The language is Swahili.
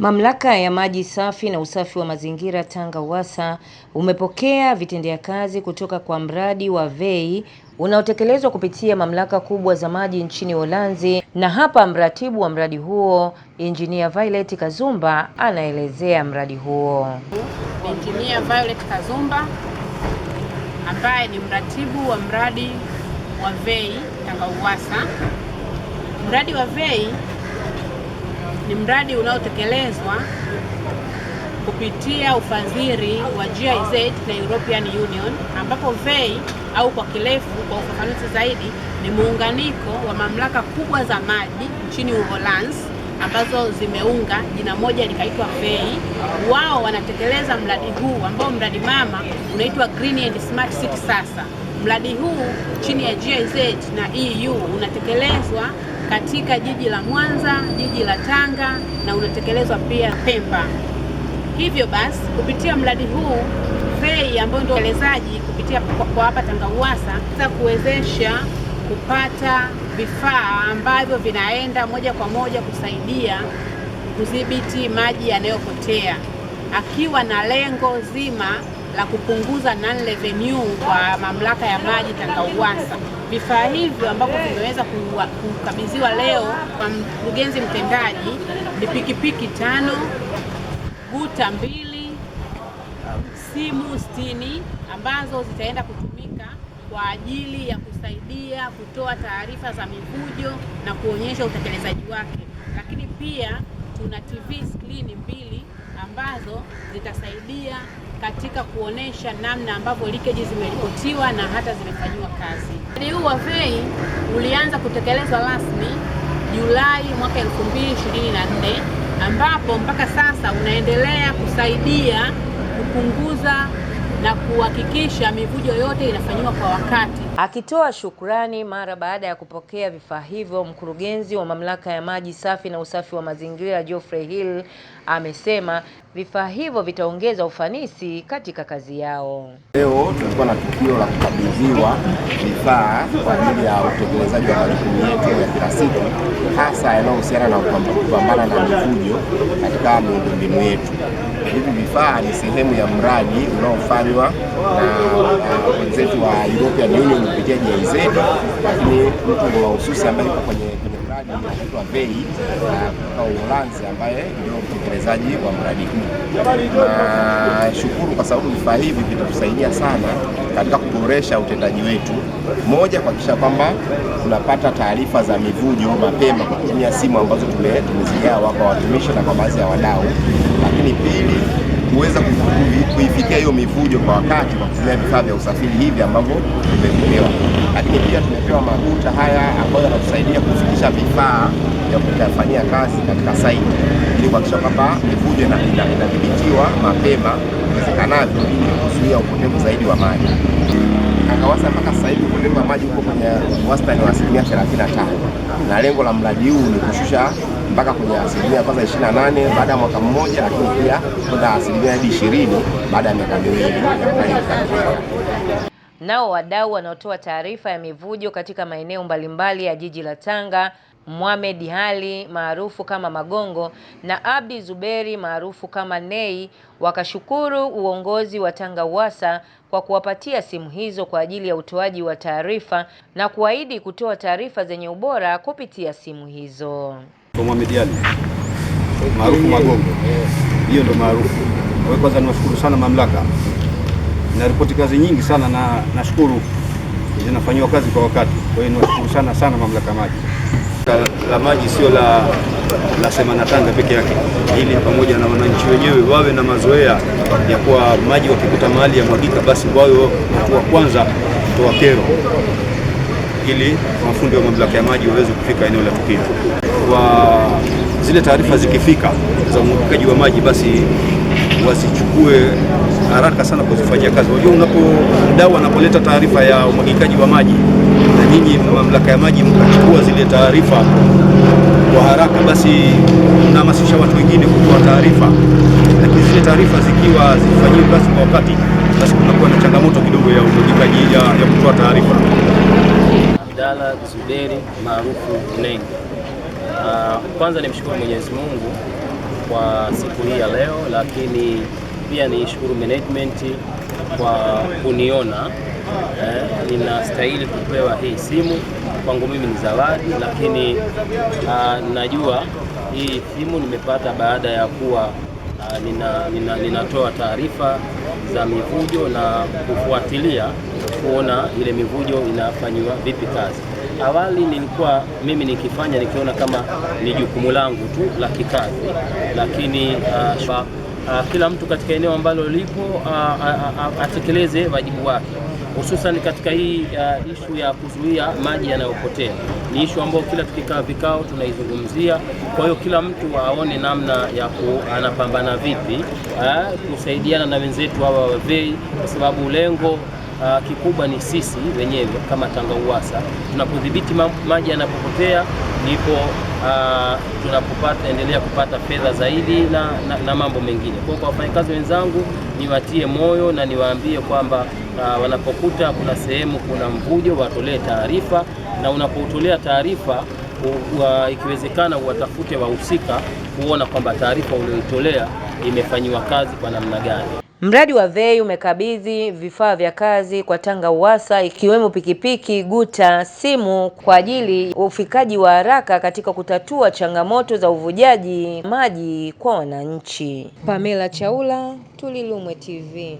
Mamlaka ya maji safi na usafi wa mazingira Tanga Uwasa umepokea vitendea kazi kutoka kwa mradi wa VEI unaotekelezwa kupitia mamlaka kubwa za maji nchini Uholanzi, na hapa mratibu wa mradi huo Engineer Violet Kazumba anaelezea mradi huo. Engineer Violet Kazumba ambaye ni mratibu wa mradi wa VEI Tanga Uwasa. Mradi wa VEI ni mradi unaotekelezwa kupitia ufadhili wa GIZ na European Union, ambapo VEI au kwa kirefu kwa ufafanuzi zaidi ni muunganiko wa mamlaka kubwa za maji nchini Uholanzi ambazo zimeunga jina moja likaitwa VEI. Wao wanatekeleza mradi huu ambao mradi mama unaitwa Green and Smart City. Sasa mradi huu chini ya GIZ na EU unatekelezwa katika jiji la Mwanza, jiji la Tanga na unatekelezwa pia Pemba. Hivyo basi kupitia mradi huu fei ambayo ndio utekelezaji kupitia kwa hapa Tanga Uwasa za kuwezesha kupata vifaa ambavyo vinaenda moja kwa moja kusaidia kudhibiti maji yanayopotea, akiwa na lengo zima la kupunguza non revenue kwa mamlaka ya maji Tanga Uwasa. Vifaa hivyo ambavyo vimeweza kukabidhiwa leo kwa mkurugenzi mtendaji ni pikipiki tano, guta mbili, simu sitini ambazo zitaenda kutumika kwa ajili ya kusaidia kutoa taarifa za mivujo na kuonyesha utekelezaji wake, lakini pia tuna TV skrini mbili ambazo zitasaidia katika kuonesha namna ambavyo leakage zimeripotiwa na hata zimefanyiwa kazi. Mradi huu wa VEI ulianza kutekelezwa rasmi Julai mwaka 2024 ambapo mpaka sasa unaendelea kusaidia kupunguza na kuhakikisha mivujo yote inafanywa kwa wakati. Akitoa shukrani mara baada ya kupokea vifaa hivyo, mkurugenzi wa mamlaka ya maji safi na usafi wa mazingira Geoffrey Hill amesema vifaa hivyo vitaongeza ufanisi katika kazi yao. Leo tulikuwa na tukio la kukabidhiwa vifaa kwa ajili ya utekelezaji wa majukumu yetu ya kila siku, hasa yanayohusiana na kupambana na mivujo katika miundombinu yetu hivi vifaa ni sehemu ya mradi unaofanywa na eh, wenzetu wa European Union kupitia GIZ, lakini mtu mahususi ambaye yuko kwenye mradi unaitwa VEI kutoka Uholanzi ambaye ndio mtekelezaji wa mradi huu. Nashukuru kwa sababu vifaa hivi vitatusaidia sana katika kuboresha utendaji wetu. Moja, kuhakikisha kwamba tunapata taarifa za mivujo mapema kwa kutumia simu ambazo tumezigawa kwa watumishi na kwa baadhi ya wadau, lakini pili kuweza kuifikia hiyo mivujo kwa wakati kwa kutumia vifaa vya usafiri hivi ambavyo tumepewa. Lakini pia tumepewa maduta haya ambayo yanatusaidia kufikisha vifaa vya kutafanyia kazi katika site ili kuhakikisha kwamba mivujo inadhibitiwa mapema iwezekanavyo ili kuzuia upotevu zaidi wa maji. Akawasa mpaka sasa hivi upotevu wa maji uko kwenye wastani wa asilimia 35 na lengo la mradi huu ni kushusha mpaka kwenye asilimia kwanza 28 baada ya mwaka mmoja, lakini pia kwenda asilimia hadi 20 baada ya miaka miwili. Nao wadau wanaotoa taarifa ya mivujo katika maeneo mbalimbali ya jiji la Tanga Mohamed Hali maarufu kama Magongo na Abdi Zuberi maarufu kama Nei wakashukuru uongozi wa Tanga Uwasa kwa kuwapatia simu hizo kwa ajili ya utoaji wa taarifa na kuahidi kutoa taarifa zenye ubora kupitia simu hizo kwa Mohamed Ali maarufu Magongo, hiyo ndo maarufu. Kwa kwanza niwashukuru sana mamlaka, naripoti kazi nyingi sana na nashukuru zinafanyiwa kazi kwa wakati. Kwa hiyo niwashukuru sana sana mamlaka maji la maji, sio la la Semana Tanga peke yake, ili pamoja na wananchi wenyewe wawe na mazoea ya kuwa maji wakikuta mahali ya mwagika, basi wawe watu wa kwanza kutoa kero, ili mafundi wa mamlaka ya maji waweze kufika eneo la tukio wa zile taarifa zikifika za umwagikaji wa maji, basi wasichukue haraka sana kuzifanyia kazi. Unajua, unapo mdau anapoleta taarifa ya umwagikaji wa maji na nyinyi mamlaka ya maji mkachukua zile taarifa kwa haraka, basi mnahamasisha watu wengine kutoa taarifa, lakini zile taarifa zikiwa zifanyiwe kazi kwa wakati, basi kunakuwa na changamoto kidogo ya umwagikaji ya, ya kutoa taarifa. Abdalla Zuberi maarufu Nenge Uh, kwanza nimshukuru Mwenyezi Mungu kwa siku hii ya leo, lakini pia nishukuru management kwa kuniona eh, ninastahili kupewa hii simu. Kwangu mimi ni zawadi, lakini uh, najua hii simu nimepata baada ya kuwa uh, nina, nina, ninatoa taarifa za mivujo na kufuatilia kuona ile mivujo inafanyiwa vipi kazi awali nilikuwa mimi nikifanya nikiona kama ni jukumu langu tu la kikazi, lakini uh, ah, shwa, uh, ah, kila mtu katika eneo ambalo lipo uh, atekeleze wajibu wake hususan katika hii uh, ishu ya kuzuia maji yanayopotea ni ishu ambayo kila tukikaa vikao tunaizungumzia. Kwa hiyo kila mtu aone namna ya ku, anapambana vipi uh, kusaidiana na wenzetu hawa wavei, kwa sababu lengo uh, kikubwa ni sisi wenyewe kama TANGAUWASA tunapodhibiti maji yanapopotea ndipo uh, tunapopata endelea kupata fedha zaidi na, na, na mambo mengine. Kwa kwa wafanyakazi wenzangu niwatie moyo na niwaambie kwamba uh, wanapokuta kuna sehemu kuna mvujo watolee taarifa, na unapotolea taarifa ikiwezekana uwatafute wahusika kuona kwamba taarifa ulioitolea imefanyiwa kazi kwa namna gani. Mradi wa VEI umekabidhi vifaa vya kazi kwa Tanga Uwasa ikiwemo pikipiki, guta, simu kwa ajili ya ufikaji wa haraka katika kutatua changamoto za uvujaji maji kwa wananchi. Pamela Chaula, Tulilumwe TV.